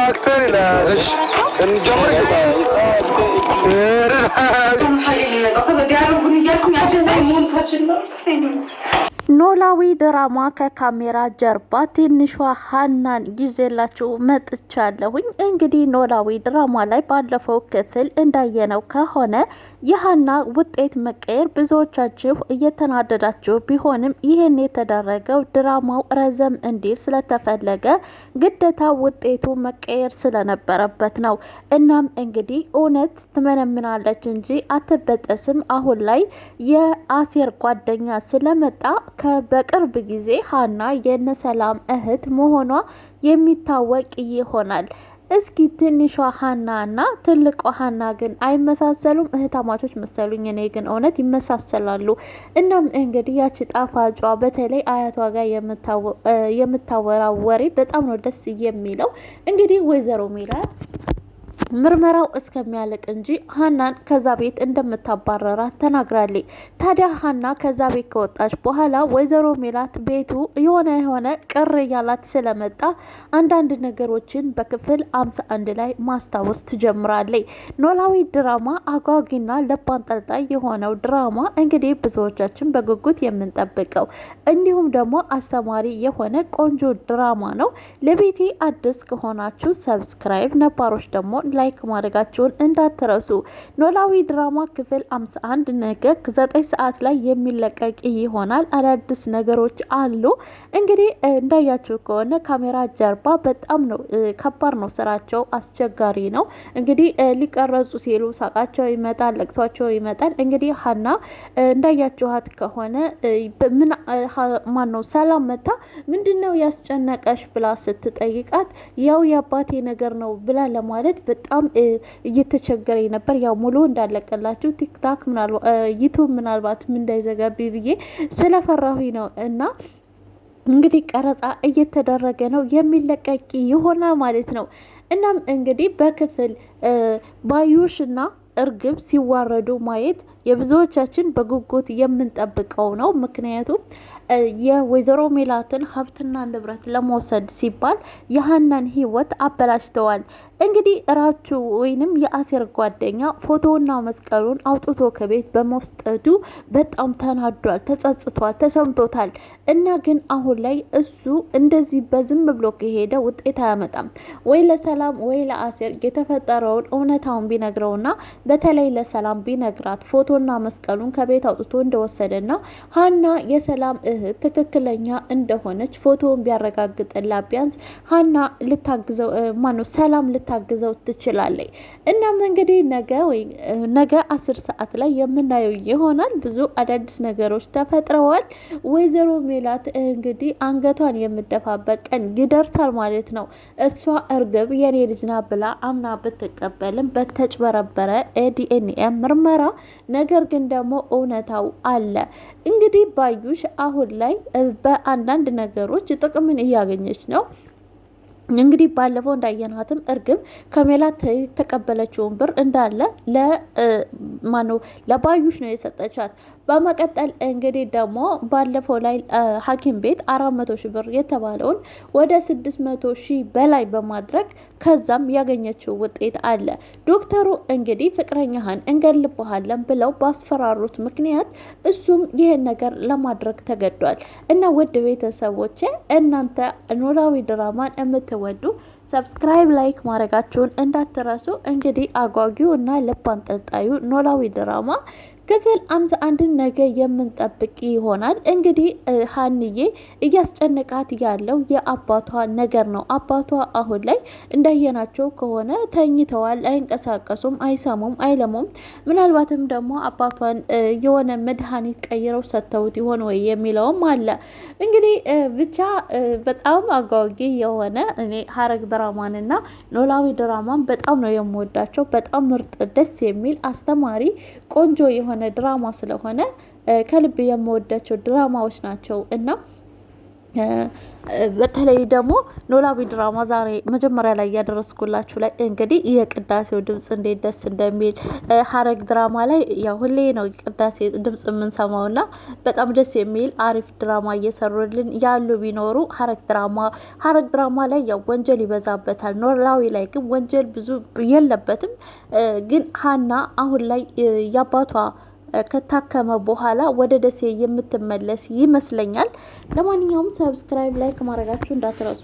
አክተር ይላል። ኖላዊ ድራማ ከካሜራ ጀርባ ትንሿ ሀናን ይዤላችሁ መጥቻለሁኝ። እንግዲህ ኖላዊ ድራማ ላይ ባለፈው ክፍል እንዳየነው ከሆነ የሀና ውጤት መቀየር ብዙዎቻችሁ እየተናደዳችሁ ቢሆንም ይህን የተደረገው ድራማው ረዘም እንዲል ስለተፈለገ ግዴታ ውጤቱ መቀየር ስለነበረበት ነው። እናም እንግዲህ እውነት ትመነምናለች እንጂ አትበጠስም። አሁን ላይ የአሴር ጓደኛ ስለመጣ በቅርብ ጊዜ ሀና የነሰላም እህት መሆኗ የሚታወቅ ይሆናል። እስኪ ትንሿ ሀና እና ትልቋ ሀና ግን አይመሳሰሉም? እህታማቾች መሰሉኝ። እኔ ግን እውነት ይመሳሰላሉ። እናም እንግዲህ ያቺ ጣፋጯ በተለይ አያቷ ጋር የምታወራ ወሬ በጣም ነው ደስ የሚለው። እንግዲህ ወይዘሮ ሚላት ምርመራው እስከሚያልቅ እንጂ ሀናን ከዛ ቤት እንደምታባረራት ተናግራለች። ታዲያ ሀና ከዛ ቤት ከወጣች በኋላ ወይዘሮ ሜላት ቤቱ የሆነ የሆነ ቅር እያላት ስለመጣ አንዳንድ ነገሮችን በክፍል አምሳ አንድ ላይ ማስታወስ ትጀምራለች። ኖላዊ ድራማ አጓጊና ልብ አንጠልጣይ የሆነው ድራማ እንግዲህ ብዙዎቻችን በጉጉት የምንጠብቀው እንዲሁም ደግሞ አስተማሪ የሆነ ቆንጆ ድራማ ነው። ለቤቴ አዲስ ከሆናችሁ ሰብስክራይብ፣ ነባሮች ደግሞ ላይክ ማድረጋችሁን እንዳትረሱ። ኖላዊ ድራማ ክፍል 51 ነገ ዘጠኝ ሰዓት ላይ የሚለቀቅ ይሆናል። አዳዲስ ነገሮች አሉ። እንግዲህ እንዳያችሁ ከሆነ ካሜራ ጀርባ በጣም ነው ከባድ ነው ስራቸው፣ አስቸጋሪ ነው። እንግዲህ ሊቀረጹ ሲሉ ሳቃቸው ይመጣል፣ ለቅሷቸው ይመጣል። እንግዲህ ሀና እንዳያችኋት ከሆነ ምን ማን ነው ሰላም መታ ምንድን ነው ያስጨነቀሽ ብላ ስትጠይቃት ያው የአባቴ ነገር ነው ብላ ለማለት በጣም እየተቸገረ ነበር። ያው ሙሉ እንዳለቀላችሁ ቲክታክ ዩቱብ ምናልባትም እንዳይዘጋቢ ብዬ ስለፈራሁ ነው እና እንግዲህ ቀረጻ እየተደረገ ነው የሚለቀቅ ይሆና ማለት ነው። እናም እንግዲህ በክፍል ባዩሽ እና እርግብ ሲዋረዱ ማየት የብዙዎቻችን በጉጉት የምንጠብቀው ነው። ምክንያቱም የወይዘሮ ሜላትን ሀብትና ንብረት ለመውሰድ ሲባል የሀናን ህይወት አበላሽተዋል። እንግዲህ እራቹ ወይንም የአሴር ጓደኛ ፎቶና መስቀሉን አውጥቶ ከቤት በመውስጠዱ በጣም ተናዷል፣ ተጸጽቷል፣ ተሰምቶታል። እና ግን አሁን ላይ እሱ እንደዚህ በዝም ብሎ ከሄደ ውጤት አያመጣም። ወይ ለሰላም ወይ ለአሴር የተፈጠረውን እውነታውን ቢነግረውና በተለይ ለሰላም ቢነግራት ፎቶና መስቀሉን ከቤት አውጥቶ እንደወሰደና ሀና የሰላም እህት ትክክለኛ እንደሆነች ፎቶውን ቢያረጋግጥላ ቢያንስ ሀና ልታግዘው ማነው ሰላም ልታግዘው ትችላለች። እናም እንግዲህ ነገ ወይ ነገ አስር ሰዓት ላይ የምናየው ይሆናል። ብዙ አዳዲስ ነገሮች ተፈጥረዋል። ወይዘሮ ሜላት እንግዲህ አንገቷን የምደፋበት ቀን ይደርሳል ማለት ነው። እሷ እርግብ የኔ ልጅና ብላ አምና ብትቀበልም በተጭበረበረ ኤዲኤንኤ ምርመራ ነገር ግን ደግሞ እውነታው አለ። እንግዲህ ባዩሽ አሁን ላይ በአንዳንድ ነገሮች ጥቅምን እያገኘች ነው። እንግዲህ ባለፈው እንዳየናትም እርግብ ከሜላት የተቀበለችውን ብር እንዳለ ለማነው ለባዩሽ ነው የሰጠቻት። በመቀጠል እንግዲህ ደግሞ ባለፈው ላይ ሐኪም ቤት አራት መቶ ሺህ ብር የተባለውን ወደ ስድስት መቶ ሺህ በላይ በማድረግ ከዛም ያገኘችው ውጤት አለ። ዶክተሩ እንግዲህ ፍቅረኛህን እንገልብሃለን ብለው ባስፈራሩት ምክንያት እሱም ይህን ነገር ለማድረግ ተገዷል። እና ውድ ቤተሰቦቼ እናንተ ኖላዊ ድራማን የምትወዱ ሰብስክራይብ፣ ላይክ ማድረጋችሁን እንዳትረሱ። እንግዲህ አጓጊው እና ልብ አንጠልጣዩ ኖላዊ ድራማ ክፍል አምሳ አንድን ነገ የምንጠብቅ ይሆናል። እንግዲህ ሀንዬ እያስጨነቃት ያለው የአባቷ ነገር ነው። አባቷ አሁን ላይ እንዳየናቸው ከሆነ ተኝተዋል፣ አይንቀሳቀሱም፣ አይሰሙም፣ አይለሙም። ምናልባትም ደግሞ አባቷን የሆነ መድኃኒት ቀይረው ሰጥተውት ይሆን ወይ የሚለውም አለ። እንግዲህ ብቻ በጣም አጓጊ የሆነ እኔ ሀረግ ድራማንና ኖላዊ ድራማን በጣም ነው የምወዳቸው። በጣም ምርጥ ደስ የሚል አስተማሪ ቆንጆ የሆነ የሆነ ድራማ ስለሆነ ከልብ የምወዳቸው ድራማዎች ናቸው እና በተለይ ደግሞ ኖላዊ ድራማ ዛሬ መጀመሪያ ላይ እያደረስኩላችሁ ላይ እንግዲህ የቅዳሴው ድምፅ እንዴት ደስ እንደሚል ሀረግ ድራማ ላይ ያው ሁሌ ነው ቅዳሴ ድምፅ የምንሰማውና በጣም ደስ የሚል አሪፍ ድራማ እየሰሩልን ያሉ ቢኖሩ ሀረግ ድራማ ሀረግ ድራማ ላይ ያው ወንጀል ይበዛበታል። ኖላዊ ላይ ግን ወንጀል ብዙ የለበትም። ግን ሀና አሁን ላይ የአባቷ ከታከመ በኋላ ወደ ደሴ የምትመለስ ይመስለኛል። ለማንኛውም ሰብስክራይብ፣ ላይክ ማድረጋችሁ እንዳትረሱ።